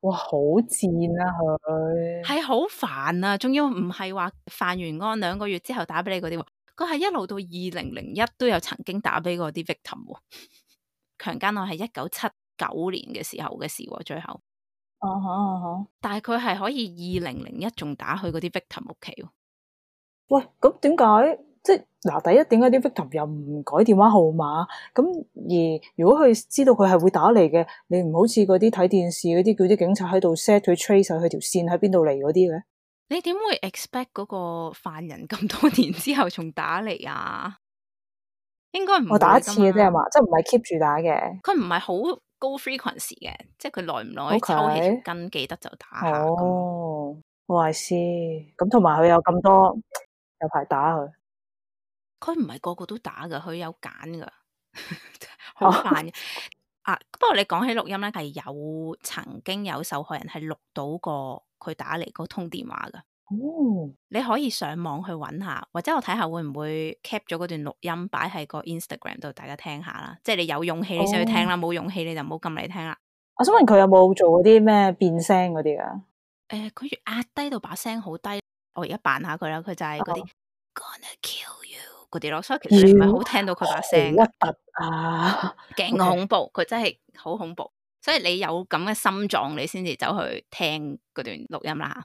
哇，好賤啊佢！係好煩啊！仲要唔係話犯完案兩個月之後打俾你嗰啲，佢係一路到二零零一都有曾經打俾過嗰啲 victim。強 *laughs* 姦案係一九七九年嘅時候嘅事，最後。啊哈啊哈！但係佢係可以二零零一仲打去嗰啲 victim 屋企。喂，咁點解？即嗱，第一點解啲 victim 又唔改電話號碼？咁而如果佢知道佢係會打嚟嘅，你唔好似嗰啲睇電視嗰啲叫啲警察喺度 set 佢 trace 晒佢條線喺邊度嚟嗰啲咧？你點會 expect 嗰個犯人咁多年之後仲打嚟啊？應該唔會打一次嘅啫係嘛，即唔係 keep 住打嘅。佢唔係好。高 frequency 嘅，即係佢耐唔耐抽起筋，記得就打下哦，我係知，咁同埋佢有咁多有排 *coughs* 打佢，佢唔係個個都打噶，佢有揀噶，好 *laughs* 煩、oh. 啊，不過你講起錄音咧，係有曾經有受害人係錄到過佢打嚟嗰通電話噶。哦，你可以上網去揾下，或者我睇下會唔會 cap 咗嗰段錄音擺喺個 Instagram 度，大家聽一下啦。即係你有勇氣你先去聽啦，冇、oh. 勇氣你就唔好撳嚟聽啦。我想問佢有冇做嗰啲咩變聲嗰啲噶？誒、呃，佢要壓低到把聲好低。我而家扮下佢啦，佢就係嗰啲。Oh. Gonna kill you 嗰啲咯，所以其實你唔係好聽到佢把聲，好啊，勁恐怖，佢、okay. 真係好恐怖。所以你有咁嘅心臟，你先至走去聽嗰段錄音啦。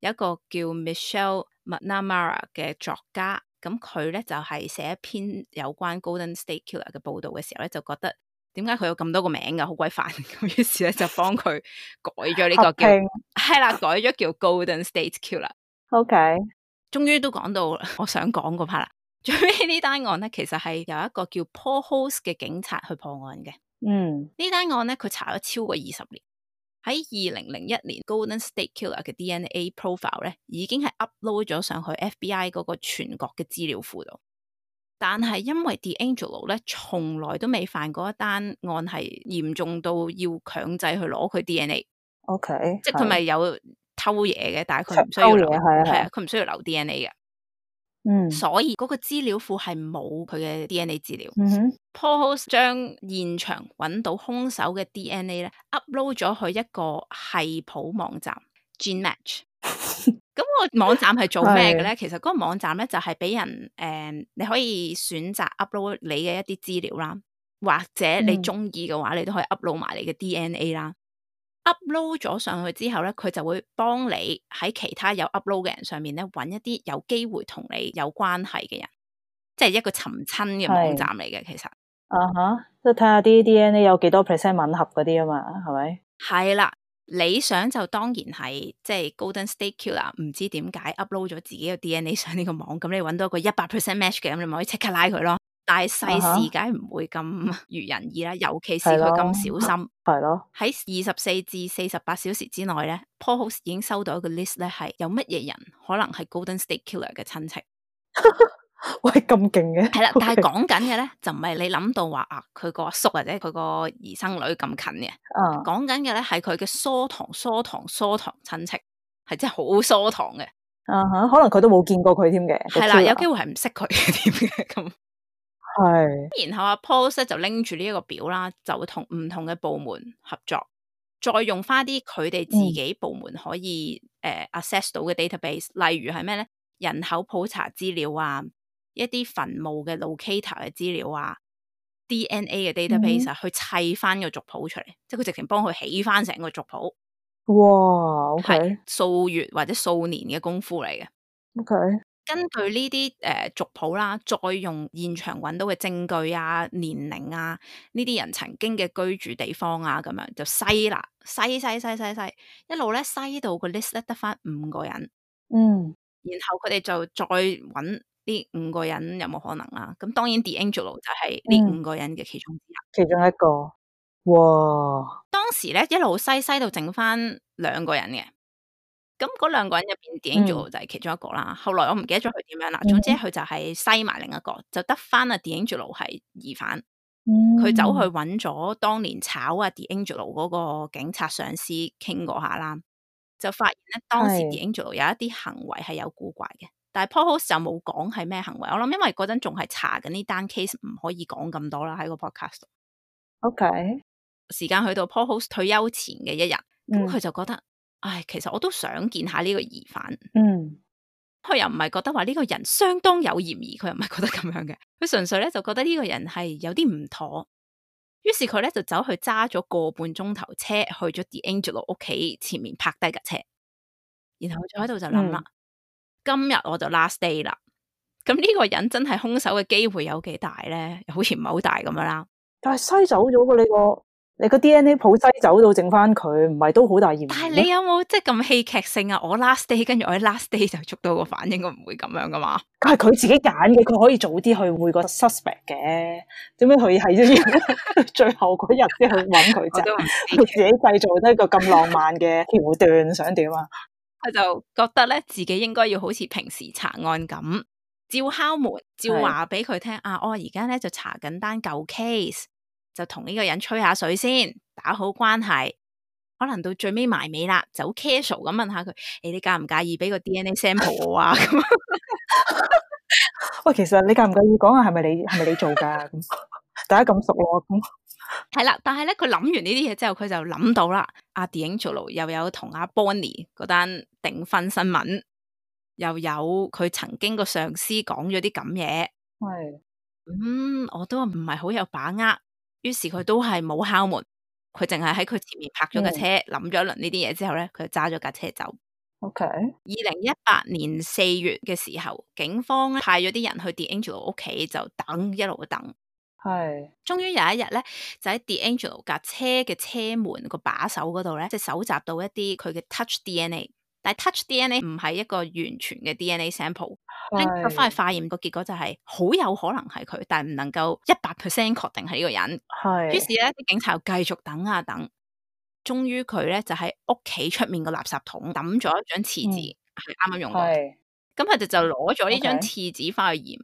有一個叫 Michelle McNamara 嘅作家，咁佢咧就係、是、寫一篇有關 Golden State Killer 嘅報道嘅時候咧，就覺得點解佢有咁多個名噶，好鬼煩。於是咧就幫佢改咗呢個叫係啦，okay. 改咗叫 Golden State Killer。OK，終於都講到了我想講嗰 part 啦。最尾呢單案咧，其實係有一個叫 Paul Holes 嘅警察去破案嘅。嗯、mm.，呢單案咧，佢查咗超過二十年。喺二零零一年，Golden State Killer 嘅 DNA profile 咧，已經係 upload 咗上去 FBI 嗰個全國嘅資料庫度。但係因為 DeAngelo 咧，從來都未犯過一單案係嚴重到要強制去攞佢 DNA。OK，即係佢咪有偷嘢嘅，但係佢唔需要留係啊，佢唔需要留 DNA 嘅。嗯，所以嗰個資料庫係冇佢嘅 DNA 資料。嗯哼。Paul 將現場揾到兇手嘅 DNA 咧，upload 咗去一個系譜網站 Gene Match。咁 *laughs* 個網站係做咩嘅咧？其實嗰個網站咧就係、是、俾人誒、呃，你可以選擇 upload 你嘅一啲資料啦，或者你中意嘅話，嗯、你都可以 upload 埋你嘅 DNA 啦。upload 咗上去之後咧，佢就會幫你喺其他有 upload 嘅人上面咧，揾一啲有機會同你有關係嘅人，即係一個尋親嘅網站嚟嘅。其實，啊哈，都睇下啲 DNA 有幾多 percent 吻合嗰啲啊嘛，係咪？係啦，理想就當然係即係 Golden State Killer，唔知點解 upload 咗自己嘅 DNA 上呢個網，咁你揾到一個一百 percent match 嘅，咁你咪可以即刻拉佢咯。大係世事梗唔會咁如人意啦，uh-huh. 尤其是佢咁小心。係咯，喺二十四至四十八小時之內咧、uh-huh.，Paul、Holtz、已經收到一個 list 咧，係有乜嘢人可能係 Golden State Killer 嘅親戚。哇， *laughs* 咁勁嘅！係啦，但係講緊嘅咧就唔係你諗到話啊，佢個叔或者佢個兒生女咁近嘅。啊，講緊嘅咧係佢嘅疏堂、疏堂、疏堂親戚，係真係好疏糖嘅。啊哈，可能佢都冇見過佢添嘅。係 *laughs* 啦，有機會係唔識佢添嘅咁。 *laughs* 係，然後阿 Paul 咧就拎住呢一個表啦，就會同唔同嘅部門合作，再用翻啲佢哋自己部門可以誒 access、嗯、到嘅 database，例如係咩咧？人口普查資料啊，一啲墳墓嘅 locator 嘅資料啊，DNA 嘅 database、嗯、去砌翻個族譜出嚟，即係佢直情幫佢起翻成個族譜。哇，係、okay，數月或者數年嘅功夫嚟嘅。OK。根據呢啲誒族譜啦，再用現場揾到嘅證據啊、年齡啊，呢啲人曾經嘅居住地方啊，咁樣就篩啦，篩，篩篩篩篩篩，一路咧篩到個 list 得翻五個人，嗯，然後佢哋就再揾呢五個人有冇可能啊？咁當然 DeAngelo 就係呢五個人嘅其中，之一，其中一個，哇！當時咧一路篩篩到剩翻兩個人嘅。咁嗰兩個人入邊 DeAngelo 就係、是、其中一個啦。後來我唔記得咗佢點樣啦、嗯。總之佢就係篩埋另一個，就得翻啊 DeAngelo 係疑犯。佢、嗯、走去搵咗當年炒啊 DeAngelo 嗰個警察上司傾過下啦，就發現咧當時 DeAngelo 有一啲行為係有古怪嘅。但係 Paul House 就冇講係咩行為。我諗因為嗰陣仲係查緊呢單 case，唔可以講咁多啦喺個 podcast。OK，時間去到 Paul House 退休前嘅一日，咁佢就覺得。嗯唉，其實我都想見下呢個疑犯。嗯，佢又唔係覺得話呢個人相當有嫌疑，佢又唔係覺得咁樣嘅，佢純粹咧就覺得呢個人係有啲唔妥。於是佢咧就走去揸咗個半鐘頭車去咗 DeAngelo 屋企前面泊低架車，然後佢喺度就諗啦、嗯：今日我就 last day 啦。咁呢個人真係兇手嘅機會有幾大咧？好似唔係好大咁樣啦？但係西走咗嘅你個你個 DNA 普西走到剩翻佢，唔係都好大嫌疑。但係你有冇即係咁戲劇性啊？我 last day 跟住我 last day 就捉到個犯，應該唔會咁樣噶嘛。係佢自己揀嘅，佢可以早啲去會個 suspect 嘅。點解佢係先？最後嗰日先去揾佢啫。佢自己製造呢個咁浪漫嘅橋段，想點啊？佢就覺得咧，自己應該要好似平時查案咁，照敲門，照話俾佢聽啊！我而家咧就查緊單舊 case。就同呢個人吹一下水先，打好關係，可能到最尾埋尾啦，就好 casual 咁問下佢，誒、欸，你介唔介意俾個 DNA sample 我啊？喂， *laughs* *laughs* 其實你介唔介意講下係咪你係咪你做噶？咁大家咁熟咯，咁係啦。但係咧，佢諗完呢啲嘢之後，佢就諗到啦。阿 DeAngelo 又有同阿 Bonnie 嗰單訂婚新聞，又有佢曾經個上司講咗啲咁嘢，係 *laughs* 咁、嗯，我都唔係好有把握。於是佢都係冇敲門，佢淨係喺佢前面泊咗架車，諗、嗯、咗一輪呢啲嘢之後咧，佢就揸咗架車走。OK。二零一八年四月嘅時候，警方咧派咗啲人去 DeAngelo 屋企就等，一路等。係。終於有一日咧，就喺 DeAngelo 架車嘅車門個把手嗰度咧，即、就、係、是、搜集到一啲佢嘅 touch DNA。但 touch DNA 唔係一個完全嘅 DNA sample，拎佢翻去化驗，個結果就係好有可能係佢，但係唔能夠一百 percent 確定係呢個人。係，於是咧啲警察又繼續等啊等，終於佢咧就喺屋企出面個垃圾桶抌咗一張廁紙，係啱啱用過，咁佢哋就攞咗呢張廁紙翻去驗，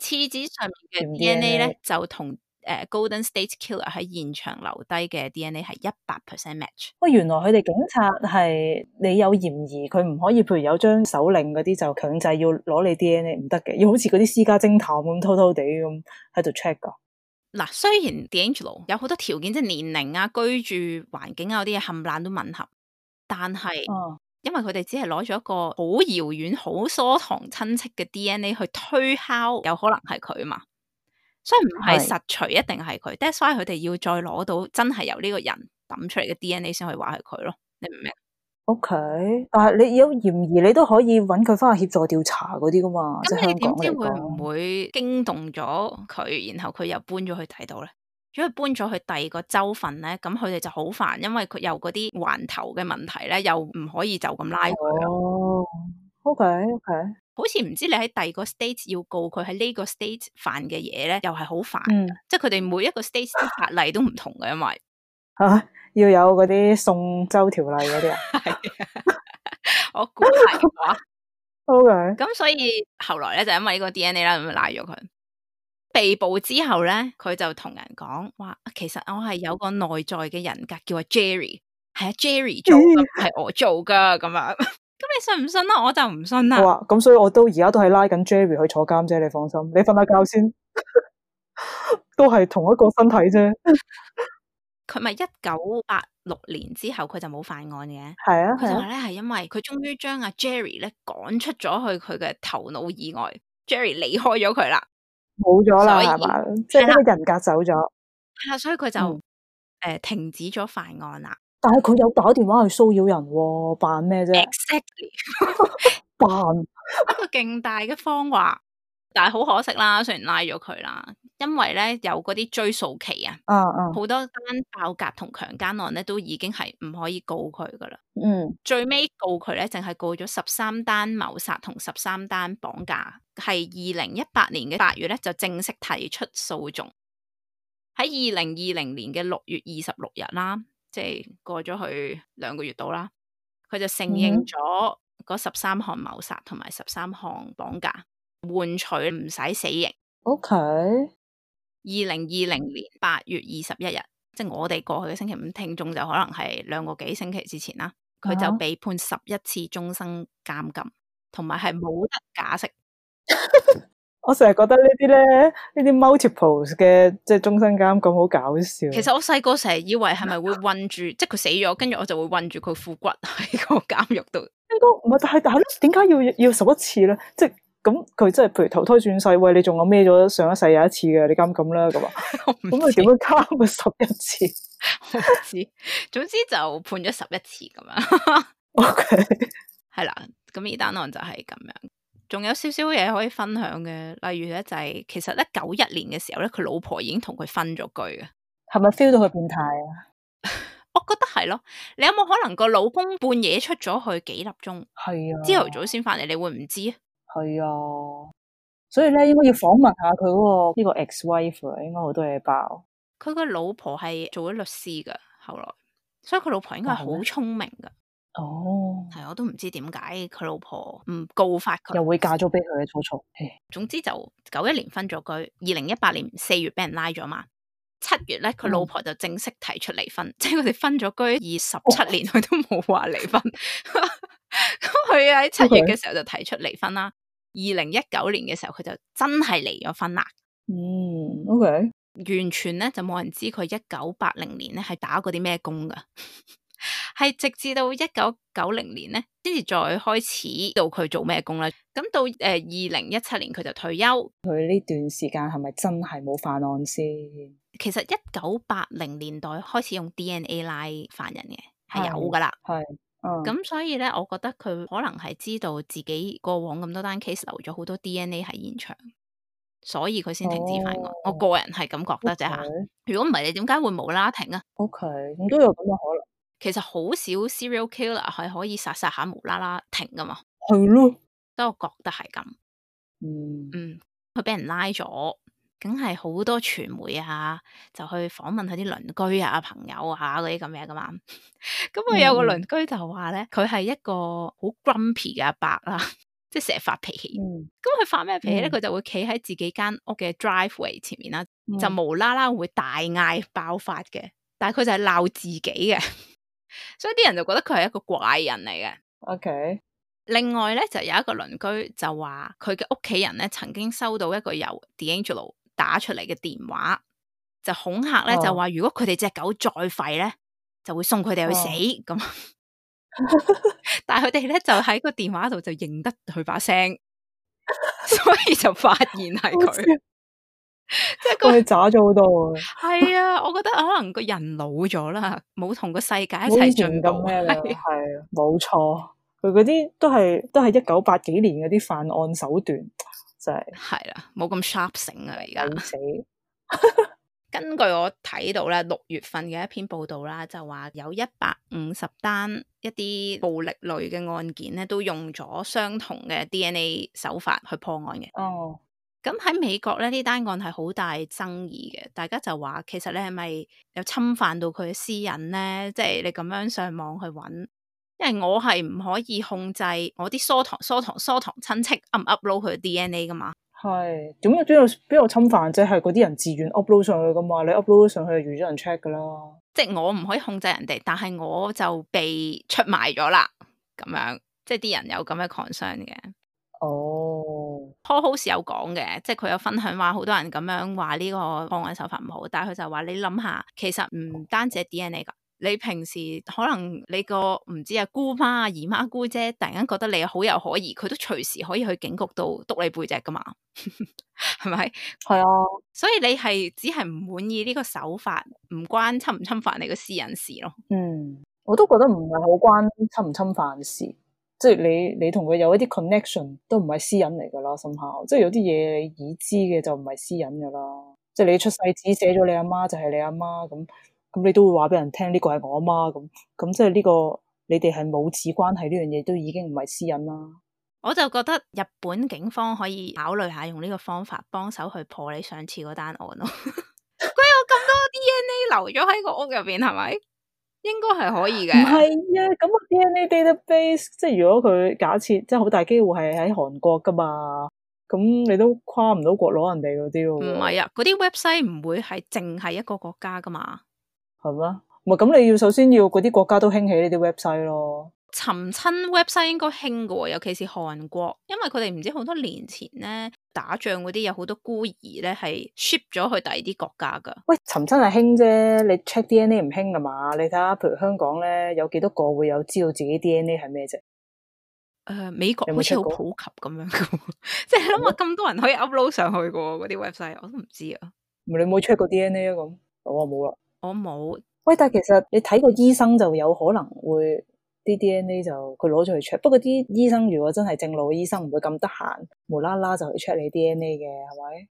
廁紙上面嘅 DNA 咧就同。誒、uh, Golden State Killer 喺現場留低嘅 DNA 係一百 percent match。喂，原來佢哋警察係你有嫌疑，佢唔可以譬如有張手令嗰啲，就強制要攞你 DNA 唔得嘅，要好似嗰啲私家偵探咁偷偷地咁喺度 check 㗎。嗱、啊，雖然 DNA 有好多條件，即係年齡啊、居住環境啊嗰啲嘢冚唪唥都吻合，但係、啊、因為佢哋只係攞咗一個好遙遠、好疏堂親戚嘅 DNA 去推敲，有可能係佢嘛。所以唔係實錘是一定係佢 that's why 佢哋要再攞到真係由呢個人抌出嚟嘅 DNA 先去話係佢咯，你明唔明？O K，但係你有嫌疑，你都可以揾佢翻去協助調查嗰啲噶嘛。咁、嗯、你點知會唔會驚動咗佢，然後佢又搬咗去第度咧？如果佢搬咗去第二個州份咧，咁佢哋就好煩，因為佢有嗰啲環頭嘅問題咧，又唔可以就咁拉佢。哦 O K，O K，好似唔知你喺第二個 state s 要告佢喺呢個 state s 犯嘅嘢咧，又係好煩，即係佢哋每一個 state s 啲法例都唔同嘅，因為吓、啊、要有嗰啲送周條例嗰啲啊。我估係嘅，O K。咁、 *laughs* okay、所以後來咧就是、因為呢個 D N A 啦，咁就賴咗佢。被捕之後咧，佢就同人講話，其實我係有個內在嘅人格，叫阿 Jerry，係阿 Jerry 做，係 *laughs* 我做噶咁樣。咁你信唔信啦，啊？我就唔信啦。哇咁所以我都而家都係拉緊 Jerry 去坐監啫，你放心。你瞓下覺先， *laughs* 都係同一個身體啫。佢咪一九八六年之後佢就冇犯案嘅。係啊，佢話咧係因為佢終於將阿 Jerry 咧趕出咗去佢嘅頭腦以外，Jerry 離開咗佢啦，冇咗啦係嘛，即係咩人格走咗。係啊，所以佢就誒、嗯呃、停止咗犯案啦。但係佢有打電話去騷擾人，哦，扮咩啫？Exactly，扮 *laughs* *laughs* 一個勁大嘅謊話，但係好可惜啦。雖然拉咗佢啦，因為咧有嗰啲追訴期啊，嗯嗯，好多單爆格同強姦案咧都已經係唔可以告佢噶啦。嗯，最尾告佢咧，淨係告咗十三單謀殺同十三單綁架，係二零一八年嘅八月咧就正式提出訴訟，喺二零二零年嘅六月二十六日啦。即係過咗去兩個月度啦，佢就承認咗嗰十三項謀殺同埋十三項綁架，換取唔使死刑。OK，二零二零年八月二十一日，即係我哋過去嘅星期五，聽眾就可能係兩個幾星期之前啦，佢就被判十一次終身監禁，同埋係冇得假釋。 *laughs* 我成日覺得這些呢啲咧，呢啲 multiples 嘅即係終身監禁咁好搞笑。其實我細個成日以為係咪會韞住， *laughs* 即係佢死咗，跟住我就會韞住佢副骨喺個監獄度。應該唔係，但係但係點解要要十一次咧？即係咁佢真係譬如投胎轉世，喂，你仲有孭咗上一世有一次嘅，你敢咁啦。咁 *laughs* 啊知？咁啊點解監佢十一次？我唔知，總之就判咗十一次咁樣。 *laughs* OK，係啦，咁 *laughs* 呢、嗯、單案就係咁樣。仲有少少嘢可以分享嘅，例如咧就係、是、其實九一年嘅時候咧，佢老婆已經同佢分咗居嘅，係咪 feel 到佢變態啊？ *laughs* 我覺得係咯，你有冇可能個老公半夜出咗去幾粒鐘，係啊，朝頭早先翻嚟，你會唔知啊？係啊，所以咧應該要訪問下佢嗰個呢個 ex wife 啊，應該好多嘢爆。佢個老婆係做咗律師噶，後來，所以佢老婆應該係好聰明噶。嗯哦，係，我都唔知點解佢老婆唔告發佢，又會嫁咗俾佢嘅初初。總之就九一年分咗居，二零一八年四月俾人拉咗嘛，七月咧佢老婆就正式提出離婚，嗯、即係佢哋分咗居二十七年，佢都冇話離婚，咁佢喺七月嘅時候就提出離婚啦。二零一九年嘅時候佢就真係離咗婚啦。嗯，OK，完全咧就冇人知佢一九八零年咧係打過啲咩工噶。 *laughs* 係直至到一九九零年咧，先至再開始到佢做咩工啦。咁到誒二零一七年佢就退休。佢呢段時間係咪真係冇犯案先？其實一九八零年代開始用 DNA 拉犯人嘅係有噶啦。係，咁、嗯、所以咧，我覺得佢可能係知道自己過往咁多單 case 留咗好多 DNA 喺現場，所以佢先停止犯案。哦、我個人係咁覺得啫吓。如果唔係你點解會冇拉停啊？OK，都有咁嘅可能。其實好少 serial killer 係可以殺殺下無啦啦停噶嘛，係咯，都我覺得係咁，嗯，佢、嗯、俾人拉咗，梗係好多傳媒啊，就去訪問佢啲鄰居啊、朋友啊嗰啲咁樣噶嘛。咁我有個鄰居就話咧，佢係一個好 grumpy 嘅阿伯啦，即係成日發脾氣。咁佢發咩脾氣咧？佢就會企喺自己間屋嘅 driveway 前面啦，就無啦啦會大嗌爆發嘅，但係佢就係鬧自己嘅。所以啲人就覺得佢係一個怪人嚟嘅。OK，另外咧就有一個鄰居就話佢嘅屋企人咧曾經收到一個由 DeAngelo 打出嚟嘅電話，就恐吓咧、oh. 就話如果佢哋隻狗再吠咧，就會送佢哋去死。咁、oh.， *laughs* *laughs* *laughs* 但係佢哋咧就喺個電話度就認得佢把聲，所以就發現係佢。 *laughs* 即係佢渣咗好多嘅，係 *laughs* 是啊！ *laughs* 我覺得可能個人老咗啦，冇同個世界一齊進步，係冇錯。佢嗰啲都係都係一九八幾年嗰啲犯案手段，真係係啦，冇咁 sharp 醒啊！而家、啊、死。 *laughs* *laughs* 根據我睇到咧，六月份嘅一篇報道啦，就話有150一百五十單一啲暴力類嘅案件咧，都用咗相同嘅 DNA 手法去破案嘅。哦、oh.。咁喺美國咧，呢單案係好大爭議嘅，大家就話，其實你係咪有侵犯到佢嘅私隱咧？即係你咁樣上網去搵，因為我係唔可以控制我啲疏堂、疏堂、疏堂親戚 upload 佢 DNA 噶嘛？係，點樣邊度邊度侵犯，即係嗰啲人自願 upload 上去噶嘛。你 upload 上去，預咗人 check 噶啦，即係我唔可以控制人哋，但係我就被出賣咗啦。咁樣，即係啲人有咁嘅 concern 嘅。哦。Poh h o u 有講嘅，即係佢有分享話，好多人咁樣話呢個犯案手法唔好，但係佢就話你諗下，其實唔單止係 DNA 噶，你平時可能你個唔知啊姑媽啊姨媽姑姐突然間覺得你好有可疑，佢都隨時可以去警局度督你背脊噶嘛，係 *laughs* 咪？係啊，所以你係只係唔滿意呢個手法，唔關侵唔侵犯你個私隱事咯。嗯，我都覺得唔係好關侵唔侵犯事。即係你你同佢有一啲 connection 都唔係私隱嚟噶啦，甚下，即係有啲嘢你已知嘅就唔係私隱噶啦。即係你出世紙寫咗你阿媽就係你阿媽咁，咁你都會話俾人聽呢個係我阿媽咁，咁即係呢個你哋係母子關係，呢樣嘢都已經唔係私隱啦。我就覺得日本警方可以考慮下用呢個方法幫手去破你上次嗰單案咯。佢 *laughs* 有咁多 DNA 留咗喺個屋入邊係咪？是應該係可以嘅。唔係啊，咁個 DNA database，即係如果佢假設，即係好大機會係喺韓國噶嘛，咁你都跨唔到國攞人哋嗰啲咯。唔係啊，嗰啲 website 唔會係淨係一個國家噶嘛。係咩？唔係咁，咁你要首先要嗰啲國家都興起呢啲 website 咯。尋親 website 應該興嘅，尤其是韓國，因為佢哋唔知好多年前咧。打仗嗰啲有好多孤兒咧，係 ship 咗去第二啲國家噶。喂，尋親係興啫，你 check DNA 唔興噶嘛？你睇下，譬如香港咧，有幾多個會有知道自己 DNA 係咩啫？誒、呃，美國好似好普及咁樣噶，即係諗下咁多人可以 upload 上去過嗰啲 website，我都唔知啊。你冇 check 過 DNA 啊？咁我冇啦，我冇。喂，但係其實你睇個醫生就有可能會啲 DNA 就佢攞咗去 check，不過啲醫生如果真係正路嘅醫生，唔會咁得閒，無啦啦就去 check 你 DNA 嘅，係咪？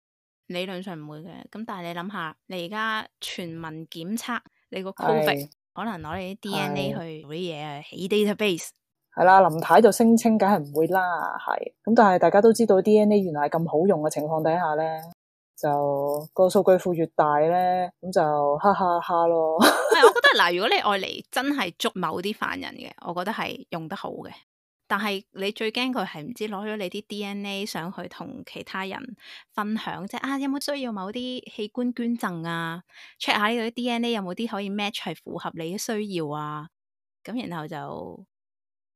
理論上唔會嘅，咁但係你諗下，你而家全民檢測你 COVID，你個 COVID 可能攞你啲 DNA 去做啲嘢啊，起 database 係啦。林太就聲稱，梗係唔會啦，係。咁但係大家都知道 DNA 原來係咁好用嘅情況底下咧。就、個數據庫越大咧，咁就哈哈，哈。哈咯、 *laughs* 哎。我覺得嗱，如果你愛嚟真係捉某啲犯人嘅，我覺得係用得好嘅。但係你最驚佢係唔知攞咗你啲 DNA 上去同其他人分享啫。啊，有冇需要某啲器官捐贈啊？check 下呢度啲 DNA 有冇啲可以 match 去符合你嘅需要啊？咁然後就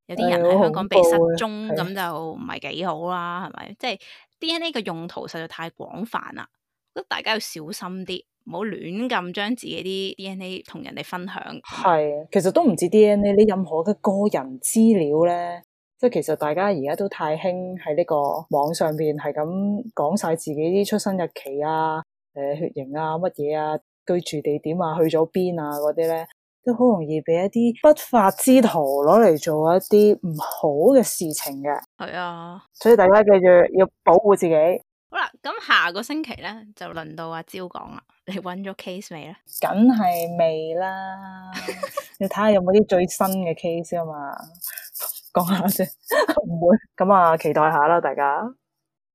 有啲人喺香港被失蹤咁、哎、就唔係幾好啦，係咪？即、就、係、是、DNA 嘅用途實在太廣泛啦。大家要小心啲，唔好亂咁將自己啲 DNA 同人哋分享。係，其實都唔止 DNA，你任何嘅個人資料咧，即係其實大家而家都太興喺呢個網上邊，係咁講晒自己啲出生日期啊、誒、呃、血型啊、乜嘢啊、居住地點啊、去咗邊啊嗰啲咧，都好容易俾一啲不法之徒攞嚟做一啲唔好嘅事情嘅。係啊，所以大家記住要保護自己。好啦，咁下個星期咧就輪到阿招講啦。 *laughs* 你揾咗 case 未咧？梗係未啦。你睇下有冇啲最新嘅 case 啊嘛，講下先唔 *laughs* 會咁啊，期待下啦，大家。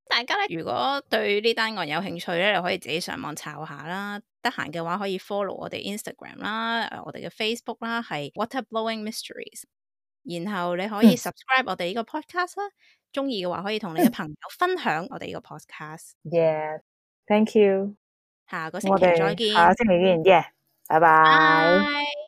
大家咧，如果對呢單案有興趣咧，你可以自己上網查下啦。得閒嘅話可以 follow 我哋 Instagram 啦，我哋嘅 Facebook 啦係 Water Blowing Mysteries，然後你可以 subscribe、嗯、我哋呢個 podcast 啦。中意嘅話，可以同你嘅朋友分享我哋呢個 podcast。Yeah, thank you。下個星期再見。下星期見。Yeah，拜拜。Bye.